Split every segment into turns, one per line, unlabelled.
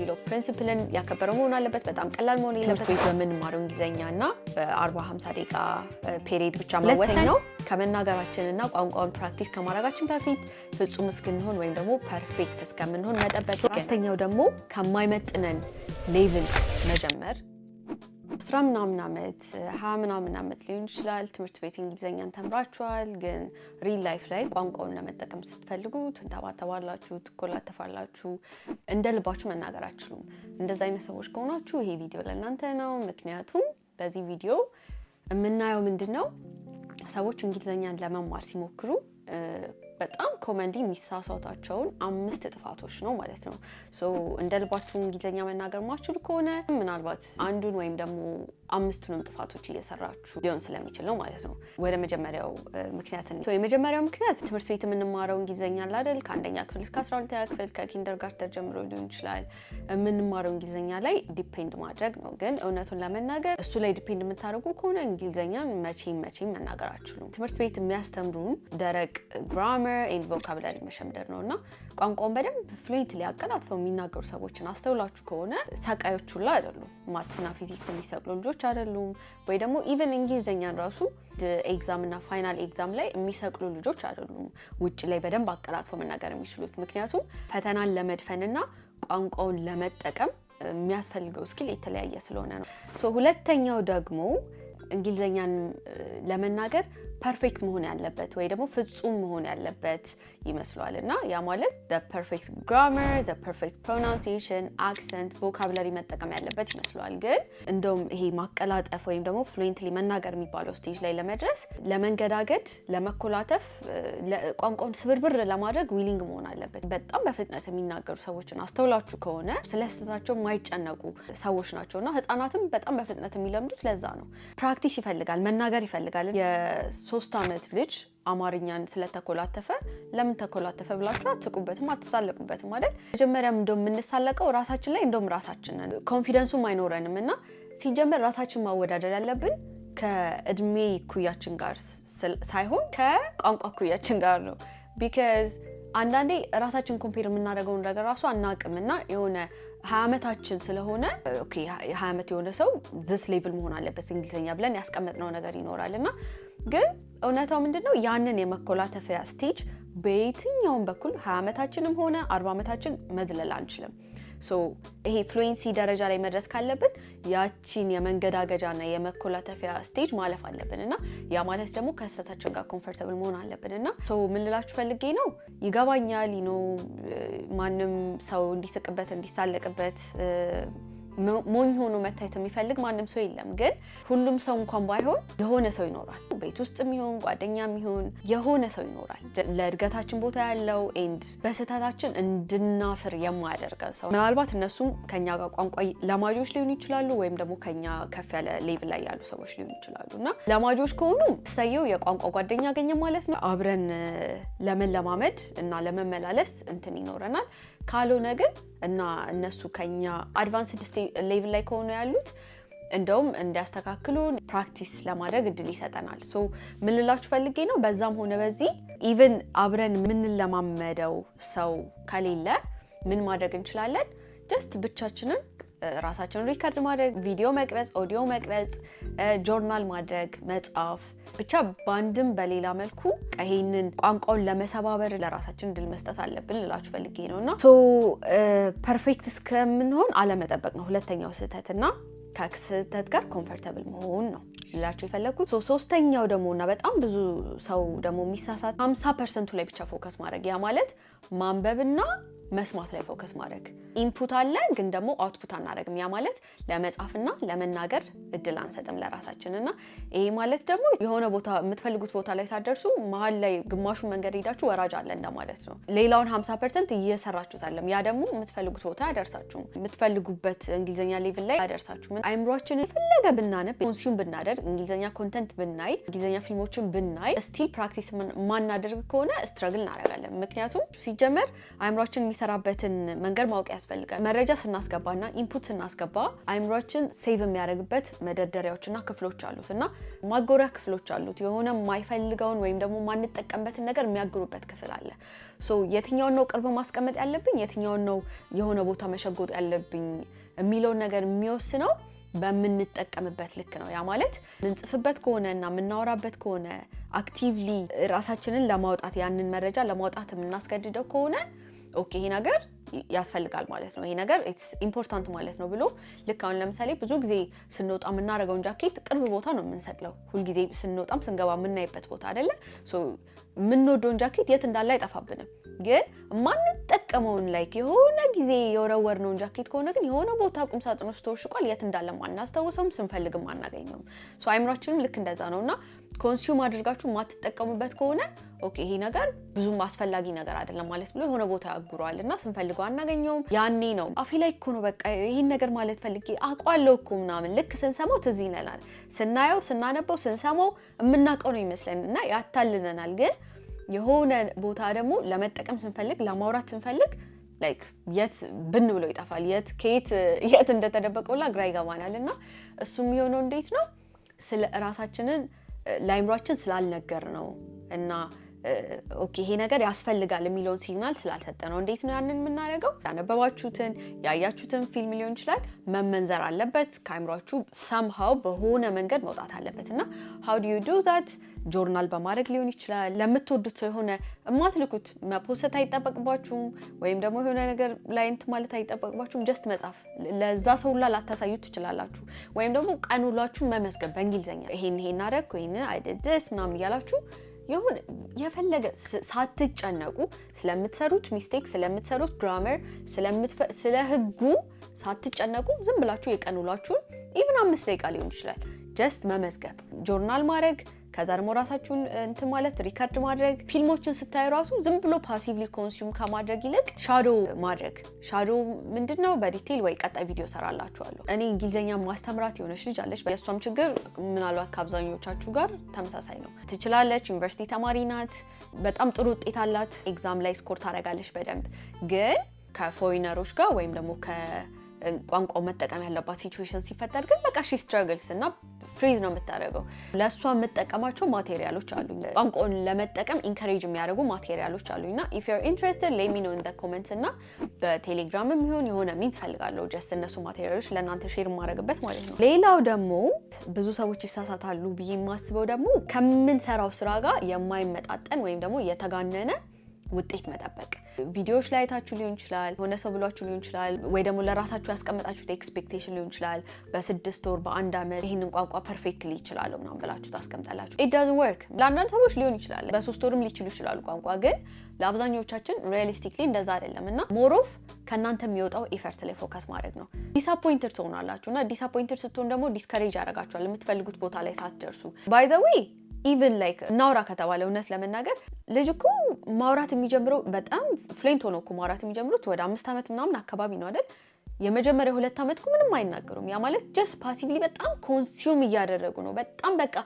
ዲሎ ፕሪንስፕልን ያከበረ መሆን አለበት። በጣም ቀላል መሆን የለበት። ትምህርት ቤት በምንማረው እንግሊዝኛ እና በአርባ ሀምሳ ደቂቃ ፔሪድ ብቻ መወሰን ነው። ከመናገራችን እና ቋንቋውን ፕራክቲስ ከማድረጋችን በፊት ፍጹም እስክንሆን ወይም ደግሞ ፐርፌክት እስከምንሆን መጠበቅ። አራተኛው ደግሞ ከማይመጥነን ሌቭል መጀመር አስራ ምናምን ዓመት ሀያ ምናምን ዓመት ሊሆን ይችላል። ትምህርት ቤት እንግሊዝኛን ተምራችኋል፣ ግን ሪል ላይፍ ላይ ቋንቋውን ለመጠቀም ስትፈልጉ ትንተባተባላችሁ፣ ትኮላተፋላችሁ፣ እንደ ልባችሁ መናገር አችሉም። እንደዚ አይነት ሰዎች ከሆናችሁ ይሄ ቪዲዮ ለእናንተ ነው። ምክንያቱም በዚህ ቪዲዮ የምናየው ምንድን ነው ሰዎች እንግሊዝኛን ለመማር ሲሞክሩ በጣም ኮመንሊ የሚሳሳታቸውን አምስት ጥፋቶች ነው ማለት ነው። እንደ ልባችሁ እንግሊዝኛ መናገር ማችል ከሆነ ምናልባት አንዱን ወይም ደግሞ አምስቱንም ጥፋቶች እየሰራችሁ ሊሆን ስለሚችል ነው ማለት ነው። ወደ መጀመሪያው ምክንያት የመጀመሪያው ምክንያት ትምህርት ቤት የምንማረው እንግሊዝኛ አለ አይደል? ከአንደኛ ክፍል እስከ አስራ ሁለተኛ ክፍል ከኪንደር ጋር ተጀምሮ ሊሆን ይችላል የምንማረው እንግሊዝኛ ላይ ዲፔንድ ማድረግ ነው። ግን እውነቱን ለመናገር እሱ ላይ ዲፔንድ የምታደርጉ ከሆነ እንግሊዝኛን መቼም መቼም መናገር አችሉም። ትምህርት ቤት የሚያስተምሩን ደረቅ ግራመር ኤንድ ቮካብላሪ መሸምደር ነው እና ቋንቋውን በደንብ ፍሉዌንት ሊያቀላጥፈው የሚናገሩ ሰዎችን አስተውላችሁ ከሆነ ሰቃዮች ሁላ አይደሉም። ማትስና ፊዚክስ የሚሰቅሉ ልጆች አይደሉም ወይ ደግሞ ኢቨን እንግሊዝኛን ራሱ ኤግዛም እና ፋይናል ኤግዛም ላይ የሚሰቅሉ ልጆች አይደሉም ውጭ ላይ በደንብ አቀላጥፎ መናገር የሚችሉት ምክንያቱም ፈተናን ለመድፈንና ቋንቋውን ለመጠቀም የሚያስፈልገው ስኪል የተለያየ ስለሆነ ነው። ሁለተኛው ደግሞ እንግሊዝኛን ለመናገር ፐርፌክት መሆን ያለበት ወይ ደግሞ ፍጹም መሆን ያለበት ይመስሏል እና ያ ማለት ፐርፌክት ግራመር፣ ፐርፌክት ፕሮናንሲዬሽን፣ አክሰንት፣ ቮካብለሪ መጠቀም ያለበት ይመስሏል። ግን እንደውም ይሄ ማቀላጠፍ ወይም ደግሞ ፍሉዌንትሊ መናገር የሚባለው ስቴጅ ላይ ለመድረስ ለመንገዳገድ፣ ለመኮላተፍ፣ ቋንቋውን ስብርብር ለማድረግ ዊሊንግ መሆን አለበት። በጣም በፍጥነት የሚናገሩ ሰዎችን አስተውላችሁ ከሆነ ስለ ስህተታቸው የማይጨነቁ ሰዎች ናቸው እና ህጻናትም በጣም በፍጥነት የሚለምዱት ለዛ ነው። ፕራክቲስ ይፈልጋል፣ መናገር ይፈልጋል። ሶስት ዓመት ልጅ አማርኛን ስለተኮላተፈ ለምን ተኮላተፈ ብላችሁ አትስቁበትም አትሳለቁበትም አይደል? መጀመሪያም እንደው የምንሳለቀው ራሳችን ላይ እንደውም ራሳችንን ኮንፊደንሱም አይኖረንም እና ሲጀመር ራሳችን ማወዳደር ያለብን ከእድሜ ኩያችን ጋር ሳይሆን ከቋንቋ ኩያችን ጋር ነው። ቢካዝ አንዳንዴ ራሳችን ኮምፔር የምናደርገውን ነገር ራሱ አናውቅም እና የሆነ ሀያ ዓመታችን ስለሆነ ሀ ሀያ ዓመት የሆነ ሰው ዝስ ሌቭል መሆን አለበት እንግሊዝኛ ብለን ያስቀመጥነው ነገር ይኖራል እና ግን እውነታው ምንድን ነው? ያንን የመኮላተፊያ ስቴጅ በየትኛውም በኩል ሀያ ዓመታችንም ሆነ አርባ ዓመታችን መዝለል አንችልም። ሶ ይሄ ፍሉዌንሲ ደረጃ ላይ መድረስ ካለብን ያቺን የመንገዳገጃና የመኮላተፊያ ስቴጅ ማለፍ አለብን እና ያ ማለት ደግሞ ከስህተታችን ጋር ኮንፈርተብል መሆን አለብን እና ምን ልላችሁ ፈልጌ ነው፣ ይገባኛል ኖ ማንም ሰው እንዲስቅበት እንዲሳለቅበት ሞኝ ሆኖ መታየት የሚፈልግ ማንም ሰው የለም። ግን ሁሉም ሰው እንኳን ባይሆን የሆነ ሰው ይኖራል። ቤት ውስጥ የሚሆን ጓደኛ የሚሆን የሆነ ሰው ይኖራል። ለእድገታችን ቦታ ያለው ኤንድ በስህተታችን እንድናፍር የማያደርገን ሰው ምናልባት እነሱም ከኛ ጋር ቋንቋ ለማጆች ሊሆኑ ይችላሉ፣ ወይም ደግሞ ከኛ ከፍ ያለ ሌቭል ላይ ያሉ ሰዎች ሊሆኑ ይችላሉ እና ለማጆች ከሆኑ ሰየው የቋንቋ ጓደኛ አገኘ ማለት ነው። አብረን ለመለማመድ እና ለመመላለስ እንትን ይኖረናል። ካልሆነ ግን እና እነሱ ከኛ አድቫንስድ ሌቭል ላይ ከሆኑ ያሉት እንደውም እንዲያስተካክሉን ፕራክቲስ ለማድረግ እድል ይሰጠናል። ሶ ምንላችሁ ፈልጌ ነው በዛም ሆነ በዚህ ኢቨን አብረን የምንለማመደው ሰው ከሌለ ምን ማድረግ እንችላለን? ጀስት ብቻችንን ራሳችንን ሪከርድ ማድረግ፣ ቪዲዮ መቅረጽ፣ ኦዲዮ መቅረጽ፣ ጆርናል ማድረግ፣ መጽሐፍ ብቻ በአንድም በሌላ መልኩ ይሄንን ቋንቋውን ለመሰባበር ለራሳችን እድል መስጠት አለብን ልላችሁ ፈልጌ ነው እና ፐርፌክት እስከምንሆን አለመጠበቅ ነው ሁለተኛው ስህተት እና ከክስተት ጋር ኮምፈርተብል መሆን ነው ልላችሁ የፈለግኩት። ሶስተኛው ደግሞ እና በጣም ብዙ ሰው ደግሞ የሚሳሳት ሀምሳ ፐርሰንቱ ላይ ብቻ ፎከስ ማድረግ ያ ማለት ማንበብና መስማት ላይ ፎከስ ማድረግ። ኢንፑት አለ ግን ደግሞ አውትፑት አናደረግም። ያ ማለት ለመጻፍና ለመናገር እድል አንሰጥም ለራሳችን እና ይሄ ማለት ደግሞ የሆነ ቦታ የምትፈልጉት ቦታ ላይ ሳደርሱ መሀል ላይ ግማሹን መንገድ ሄዳችሁ ወራጅ አለ እንደማለት ነው። ሌላውን 50 ፐርሰንት እየሰራችሁት አለም ያ ደግሞ የምትፈልጉት ቦታ አያደርሳችሁም፣ የምትፈልጉበት እንግሊዝኛ ሌቭል ላይ አያደርሳችሁም። አይምሯችን የፈለገ ብናነብ ኮንሱም ብናደርግ እንግሊዝኛ ኮንተንት ብናይ እንግሊዝኛ ፊልሞችን ብናይ ስቲል ፕራክቲስ ማናደርግ ከሆነ ስትረግል እናደርጋለን። ምክንያቱም ሲጀመር አይምሯችን የሚሰራበትን መንገድ ማወቅ ያስፈልጋል። መረጃ ስናስገባና ኢንፑት ስናስገባ አይምሯችን ሴቭ የሚያደርግበት መደርደሪያዎችና ክፍሎች አሉት እና ማጎሪያ ክፍሎች አሉት። የሆነ የማይፈልገውን ወይም ደግሞ ማንጠቀምበትን ነገር የሚያግሩበት ክፍል አለ። ሶ የትኛውን ነው ቅርብ ማስቀመጥ ያለብኝ፣ የትኛውን ነው የሆነ ቦታ መሸጎጥ ያለብኝ የሚለውን ነገር የሚወስነው በምንጠቀምበት ልክ ነው። ያ ማለት ምንጽፍበት ከሆነ እና የምናወራበት ከሆነ አክቲቭሊ ራሳችንን ለማውጣት ያንን መረጃ ለማውጣት የምናስገድደው ከሆነ ኦኬ ይሄ ነገር ያስፈልጋል ማለት ነው። ይሄ ነገር ኢትስ ኢምፖርታንት ማለት ነው ብሎ ልክ አሁን ለምሳሌ ብዙ ጊዜ ስንወጣ የምናደርገውን ጃኬት ቅርብ ቦታ ነው የምንሰቅለው። ሁልጊዜ ስንወጣም ስንገባ የምናይበት ቦታ አይደለ? የምንወደውን ጃኬት የት እንዳለ አይጠፋብንም። ግን ማንጠቀመውን ላይክ የሆነ ጊዜ የወረወርነውን ጃኬት ከሆነ ግን የሆነ ቦታ ቁም ሳጥን ውስጥ ተወሽቋል። የት እንዳለ ማናስታውሰውም፣ ስንፈልግም አናገኘውም። አይምሯችንም ልክ እንደዛ ነው እና ኮንሱም አድርጋችሁ የማትጠቀሙበት ከሆነ ኦኬ ይሄ ነገር ብዙም አስፈላጊ ነገር አይደለም ማለት ብሎ የሆነ ቦታ ያጉረዋል እና ስንፈልገው አናገኘውም። ያኔ ነው አፌ ላይ እኮ ነው በቃ ይህን ነገር ማለት ፈልጌ አውቀዋለሁ እኮ ምናምን ልክ ስንሰማው ትዝ ይለናል። ስናየው፣ ስናነበው፣ ስንሰማው የምናውቀው ነው ይመስለን እና ያታልነናል ግን የሆነ ቦታ ደግሞ ለመጠቀም ስንፈልግ ለማውራት ስንፈልግ ላይክ የት ብን ብሎ ይጠፋል። የት ከየት የት እንደተደበቀ ሁላ ግራ ይገባናል። እና እሱም የሆነው እንዴት ነው ስለ ራሳችንን ለአይምሯችን ስላልነገር ነው እና ኦኬ ይሄ ነገር ያስፈልጋል የሚለውን ሲግናል ስላልሰጠ ነው። እንዴት ነው ያንን የምናደርገው? ያነበባችሁትን ያያችሁትን ፊልም ሊሆን ይችላል መመንዘር አለበት ከአይምሯችሁ ሳምሃው በሆነ መንገድ መውጣት አለበት እና ሀው ዱ ዩ ዱ ዛት ጆርናል በማድረግ ሊሆን ይችላል። ለምትወዱት ሰው የሆነ ማትልኩት መፖሰት አይጠበቅባችሁም፣ ወይም ደግሞ የሆነ ነገር ላይ እንትን ማለት አይጠበቅባችሁም። ጀስት መጻፍ ለዛ ሰው ላ ላታሳዩት ትችላላችሁ። ወይም ደግሞ ቀኑላችሁ መመዝገብ በእንግሊዝኛ ይሄን ይሄን አደረግ ወይም አይደደስ ምናምን እያላችሁ የሆነ የፈለገ ሳትጨነቁ ስለምትሰሩት ሚስቴክ ስለምትሰሩት ግራመር ስለ ህጉ ሳትጨነቁ ዝም ብላችሁ የቀን ውሏችሁን ኢቭን አምስት ደቂቃ ሊሆን ይችላል ጀስት መመዝገብ ጆርናል ማድረግ ከዛ ደግሞ ራሳችሁን እንትን ማለት ሪከርድ ማድረግ ፊልሞችን ስታዩ ራሱ ዝም ብሎ ፓሲቭሊ ኮንሱም ከማድረግ ይልቅ ሻዶ ማድረግ ሻዶ ምንድን ነው በዲቴይል ወይ ቀጣይ ቪዲዮ ሰራላችኋለሁ። እኔ እንግሊዝኛ ማስተምራት የሆነች ልጅ አለች። የእሷም ችግር ምናልባት ከአብዛኞቻችሁ ጋር ተመሳሳይ ነው። ትችላለች፣ ዩኒቨርሲቲ ተማሪ ናት፣ በጣም ጥሩ ውጤት አላት፣ ኤግዛም ላይ ስኮር ታደርጋለች በደንብ ግን ከፎሪነሮች ጋር ወይም ደግሞ ቋንቋው መጠቀም ያለባት ሲቹዌሽን ሲፈጠር ግን በቃ ሺ ስትራግልስ እና ፍሪዝ ነው የምታደርገው። ለእሷ የምጠቀማቸው ማቴሪያሎች አሉኝ። ቋንቋውን ለመጠቀም ኢንካሬጅ የሚያደርጉ ማቴሪያሎች አሉኝ እና ኢፍ ዩር ኢንትረስትድ ሌሚ ነው ኢን ኮመንትስ እና በቴሌግራምም ይሁን የሆነ ሚን ፈልጋለሁ ጀስት እነሱ ማቴሪያሎች ለእናንተ ሼር የማደርግበት ማለት ነው። ሌላው ደግሞ ብዙ ሰዎች ይሳሳታሉ ብዬ የማስበው ደግሞ ከምንሰራው ስራ ጋር የማይመጣጠን ወይም ደግሞ የተጋነነ ውጤት መጠበቅ ቪዲዮዎች ላይ አይታችሁ ሊሆን ይችላል፣ የሆነ ሰው ብሏችሁ ሊሆን ይችላል፣ ወይ ደግሞ ለራሳችሁ ያስቀመጣችሁት ኤክስፔክቴሽን ሊሆን ይችላል። በስድስት ወር በአንድ ዓመት ይህንን ቋንቋ ሊ ይችላሉ ምናምን ብላችሁ ታስቀምጣላችሁ። ኢት ወርክ። ለአንዳንድ ሰዎች ሊሆን ይችላል፣ በሶስት ወርም ሊችሉ ይችላሉ ቋንቋ ግን ለአብዛኞቻችን ሪያሊስቲክሊ እንደዛ አይደለም እና ሞሮፍ ከእናንተ የሚወጣው ኤፈርት ላይ ፎከስ ማድረግ ነው። ዲስአፖይንትድ ትሆናላችሁ እና ዲስአፖይንትድ ስትሆን ደግሞ ዲስከሬጅ ያደርጋችኋል የምትፈልጉት ቦታ ላይ ሳትደርሱ ባይዘዊ ኢቭን ላይክ እናውራ ከተባለ እውነት ለመናገር ልጅ እኮ ማውራት የሚጀምረው በጣም ፍሌንቶ ነው እኮ ማውራት የሚጀምሩት ወደ አምስት ዓመት ምናምን አካባቢ ነው አይደል? የመጀመሪያ ሁለት ዓመት እኮ ምንም አይናገሩም። ያ ማለት ጀስት ፓሲቭሊ በጣም ኮንሱም እያደረጉ ነው። በጣም በቃ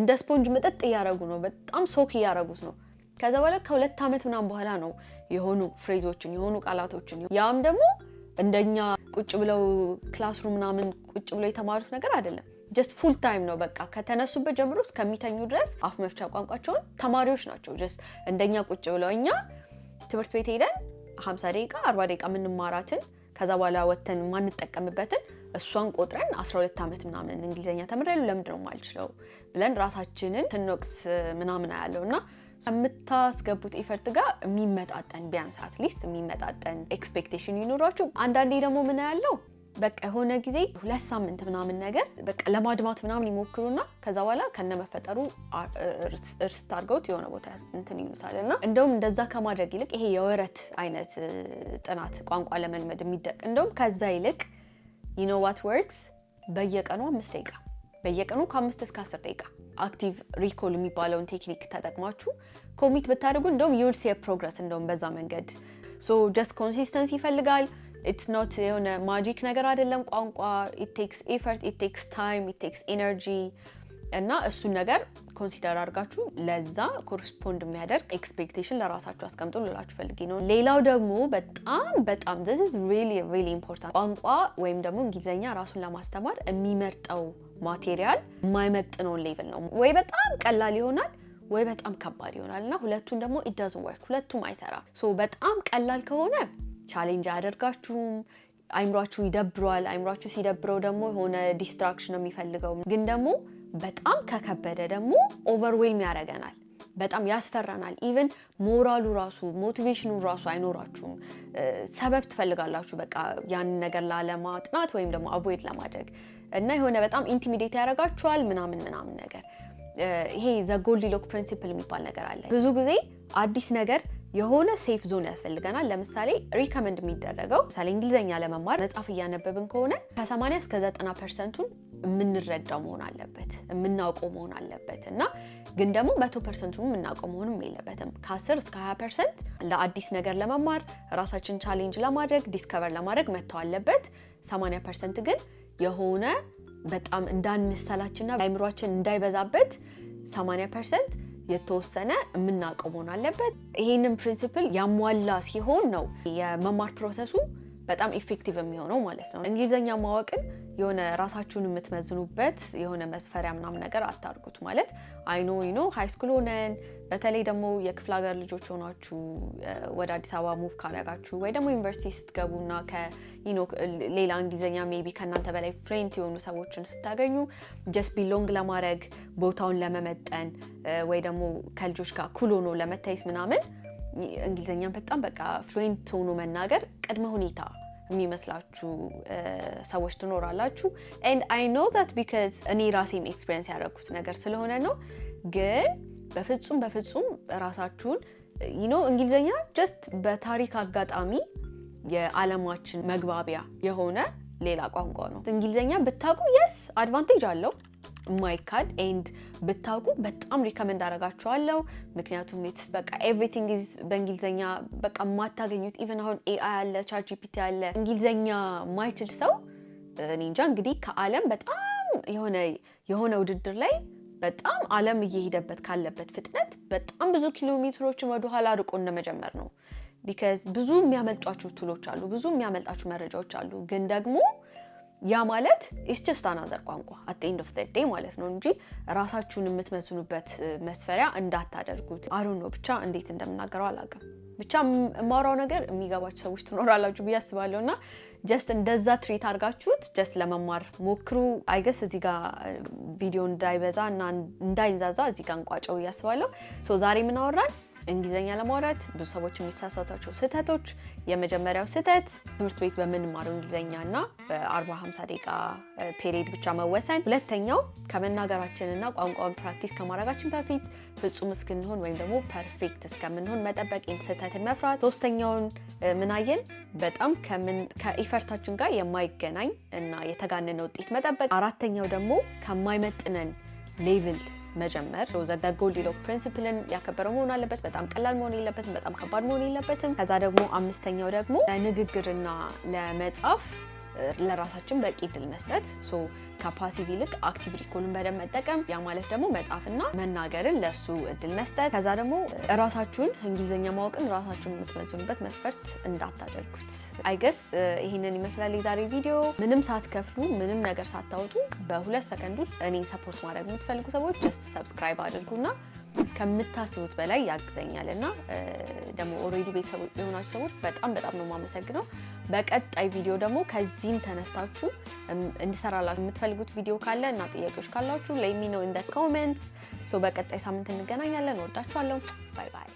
እንደ ስፖንጅ መጠጥ እያደረጉ ነው። በጣም ሶክ እያደረጉት ነው። ከዛ በኋላ ከሁለት ዓመት ምናምን በኋላ ነው የሆኑ ፍሬዞችን የሆኑ ቃላቶችን ያም ደግሞ እንደኛ ቁጭ ብለው ክላስሩም ምናምን ቁጭ ብለው የተማሩት ነገር አይደለም። ጀስት ፉል ታይም ነው በቃ ከተነሱበት ጀምሮ እስከሚተኙ ድረስ አፍ መፍቻ ቋንቋቸውን ተማሪዎች ናቸው። ጀስት እንደኛ ቁጭ ብለው እኛ ትምህርት ቤት ሄደን 50 ደቂቃ 40 ደቂቃ የምንማራትን ከዛ በኋላ ወተን የማንጠቀምበትን እሷን ቆጥረን 12 ዓመት ምናምን እንግሊዝኛ ተምሬያለሁ ለምንድን ነው የማልችለው ብለን ራሳችንን ትንወቅስ ምናምን አያለው እና ከምታስገቡት ኢፈርት ጋር የሚመጣጠን ቢያንስ አትሊስት የሚመጣጠን ኤክስፔክቴሽን ይኖራችሁ። አንዳንዴ ደግሞ ምን ያለው በቃ የሆነ ጊዜ ሁለት ሳምንት ምናምን ነገር በቃ ለማድማት ምናምን ይሞክሩና ከዛ በኋላ ከነመፈጠሩ እርስ ታርገውት የሆነ ቦታ እንትን ይሉታል። እና እንደውም እንደዛ ከማድረግ ይልቅ ይሄ የወረት አይነት ጥናት ቋንቋ ለመልመድ የሚደቅ እንደውም ከዛ ይልቅ ዩ ኖ ዋት ወርክስ በየቀኑ አምስት ደቂቃ በየቀኑ ከአምስት እስከ አስር ደቂቃ አክቲቭ ሪኮል የሚባለውን ቴክኒክ ተጠቅማችሁ ኮሚት ብታደርጉ እንደውም ዩል ፕሮግረስ እንደውም በዛ መንገድ ሶ ጀስት ኮንሲስተንስ ይፈልጋል ኢትስ ኖት የሆነ ማጂክ ነገር አይደለም። ቋንቋ ኢት ኤፈርት፣ ኢት ታይም፣ ኢት ኤነርጂ ኢነርጂ እና እሱን ነገር ኮንሲደር አድርጋችሁ ለዛ ኮረስፖንድ የሚያደርግ ኤክስፔክቴሽን ለራሳችሁ አስቀምጡ ልላችሁ ፈልጌ ነው። ሌላው ደግሞ በጣም በጣም ዚስ ኢዝ ሪሊ ሪሊ ኢምፖርታንት ቋንቋ ወይም ደግሞ እንግሊዝኛ ራሱን ለማስተማር የሚመርጠው ማቴሪያል የማይመጥነውን ሌቭል ነው። ወይ በጣም ቀላል ይሆናል ወይ በጣም ከባድ ይሆናል እና ሁለቱን ደግሞ ኢት ዳዝንት ወርክ፣ ሁለቱም አይሰራም። ሶ በጣም ቀላል ከሆነ ቻሌንጅ አያደርጋችሁም። አይምሯችሁ ይደብሯል። አይምሯችሁ ሲደብረው ደግሞ የሆነ ዲስትራክሽን ነው የሚፈልገው። ግን ደግሞ በጣም ከከበደ ደግሞ ኦቨርዌልም ያደርገናል፣ በጣም ያስፈራናል። ኢቨን ሞራሉ ራሱ ሞቲቬሽኑ ራሱ አይኖራችሁም። ሰበብ ትፈልጋላችሁ፣ በቃ ያንን ነገር ላለማጥናት ወይም ደግሞ አቮይድ ለማድረግ እና የሆነ በጣም ኢንቲሚዴት ያደርጋችኋል ምናምን ምናምን ነገር ይሄ ዘ ጎልዲሎክ ፕሪንሲፕል የሚባል ነገር አለ። ብዙ ጊዜ አዲስ ነገር የሆነ ሴፍ ዞን ያስፈልገናል። ለምሳሌ ሪከመንድ የሚደረገው ምሳሌ እንግሊዝኛ ለመማር መጽሐፍ እያነበብን ከሆነ ከ80 እስከ 90 ፐርሰንቱን የምንረዳው መሆን አለበት፣ የምናውቀው መሆን አለበት እና ግን ደግሞ መቶ ፐርሰንቱ የምናውቀው መሆንም የለበትም። ከ10 እስከ 20 ፐርሰንት ለአዲስ ነገር ለመማር ራሳችን ቻሌንጅ ለማድረግ ዲስከቨር ለማድረግ መጥተው አለበት። 80 ፐርሰንት ግን የሆነ በጣም እንዳንሰላችና አይምሯችን እንዳይበዛበት 80 ፐርሰንት የተወሰነ የምናውቀው መሆን አለበት። ይህንን ፕሪንሲፕል ያሟላ ሲሆን ነው የመማር ፕሮሰሱ በጣም ኢፌክቲቭ የሚሆነው ማለት ነው። እንግሊዝኛ ማወቅን የሆነ ራሳችሁን የምትመዝኑበት የሆነ መስፈሪያ ምናምን ነገር አታርጉት። ማለት አይኖ ይኖ ሃይስኩል ሆነን በተለይ ደግሞ የክፍለ ሀገር ልጆች ሆናችሁ ወደ አዲስ አበባ ሙቭ ካረጋችሁ ወይ ደግሞ ዩኒቨርሲቲ ስትገቡና ከይኖ ሌላ እንግሊዝኛ ሜቢ ከእናንተ በላይ ፍሬንት የሆኑ ሰዎችን ስታገኙ ጀስት ቢሎንግ ለማድረግ ቦታውን ለመመጠን ወይ ደግሞ ከልጆች ጋር ኩል ሆኖ ለመታየት ምናምን እንግሊዝኛን በጣም በቃ ፍሉዌንት ሆኖ መናገር ቅድመ ሁኔታ የሚመስላችሁ ሰዎች ትኖራላችሁ። ኤንድ አይ ኖ ዛት ቢካዝ እኔ ራሴም ኤክስፒሪየንስ ያደረግኩት ነገር ስለሆነ ነው። ግን በፍጹም በፍጹም ራሳችሁን ዩኖ እንግሊዝኛ ጀስት በታሪክ አጋጣሚ የዓለማችን መግባቢያ የሆነ ሌላ ቋንቋ ነው። እንግሊዝኛ ብታውቁ የስ አድቫንቴጅ አለው ማይካድ ኤንድ ብታውቁ በጣም ሪከመንድ አረጋችኋለሁ። ምክንያቱም ኢትስ በቃ ኤቭሪቲንግ ኢዝ በእንግሊዝኛ በቃ የማታገኙት ኢቨን አሁን ኤአይ አለ፣ ቻት ጂፒቲ አለ። እንግሊዝኛ ማይችል ሰው እኔ እንጃ እንግዲህ ከዓለም በጣም የሆነ የሆነ ውድድር ላይ በጣም ዓለም እየሄደበት ካለበት ፍጥነት በጣም ብዙ ኪሎ ሜትሮችን ወደኋላ ርቆ እንደመጀመር ነው። ቢካዝ ብዙ የሚያመልጧችሁ ቱሎች አሉ፣ ብዙ የሚያመልጣችሁ መረጃዎች አሉ ግን ደግሞ ያ ማለት ኢስ ጀስት አናዘር ቋንቋ አት ኤንድ ኦፍ ዴይ ማለት ነው እንጂ ራሳችሁን የምትመስሉበት መስፈሪያ እንዳታደርጉት። አሉ ነው ብቻ እንዴት እንደምናገረው አላውቅም። ብቻ የማወራው ነገር የሚገባችሁ ሰዎች ትኖራላችሁ ብዬ አስባለሁ እና ጀስት እንደዛ ትሬት አድርጋችሁት ጀስት ለመማር ሞክሩ። አይገስ እዚህ ጋር ቪዲዮ እንዳይበዛ እና እንዳይንዛዛ እዚህ ጋር እንቋጨው ብዬ አስባለሁ። ሶ ዛሬ ምን አወራን? እንግሊዝኛ ለማውራት ብዙ ሰዎች የሚሳሳታቸው ስህተቶች፣ የመጀመሪያው ስህተት ትምህርት ቤት በምንማረው እንግሊዝኛ እና በአርባ ሃምሳ ደቂቃ ፔሪድ ብቻ መወሰን። ሁለተኛው ከመናገራችንና ቋንቋውን ፕራክቲስ ከማድረጋችን በፊት ፍጹም እስክንሆን ወይም ደግሞ ፐርፌክት እስከምንሆን መጠበቅ፣ ስህተትን መፍራት። ሶስተኛውን ምናየን በጣም ከኢፈርታችን ጋር የማይገናኝ እና የተጋነነ ውጤት መጠበቅ። አራተኛው ደግሞ ከማይመጥነን ሌቭል መጀመር ዘጎልድ ሎክ ፕሪንሲፕልን ያከበረ መሆን አለበት። በጣም ቀላል መሆን የለበትም፣ በጣም ከባድ መሆን የለበትም። ከዛ ደግሞ አምስተኛው ደግሞ ለንግግርና ለመጻፍ ለራሳችን በቂ እድል መስጠት ከፓሲቭ ይልቅ አክቲቭ ሪኮልን በደንብ መጠቀም፣ ያ ማለት ደግሞ መጻፍና መናገርን ለሱ እድል መስጠት። ከዛ ደግሞ ራሳችሁን እንግሊዝኛ ማወቅን ራሳችሁን የምትመዝኑበት መስፈርት እንዳታደርጉት። አይገስ ይህንን ይመስላል የዛሬ ቪዲዮ። ምንም ሳትከፍሉ ምንም ነገር ሳታወጡ በሁለት ሰከንድ ውስጥ እኔ ሰፖርት ማድረግ የምትፈልጉ ሰዎች ጀስት ሰብስክራይብ አድርጉና ከምታስቡት በላይ ያግዘኛል እና ደግሞ ኦልሬዲ ቤተሰቦች የሆናችሁ ሰዎች በጣም በጣም ነው የማመሰግነው። በቀጣይ ቪዲዮ ደግሞ ከዚህም ተነስታችሁ እንዲሰራላችሁ የምትፈልጉት ቪዲዮ ካለ እና ጥያቄዎች ካላችሁ ለሚ ነው ኢን ደ በቀጣይ ሳምንት እንገናኛለን። ወዳችኋለሁ። ባይ ባይ።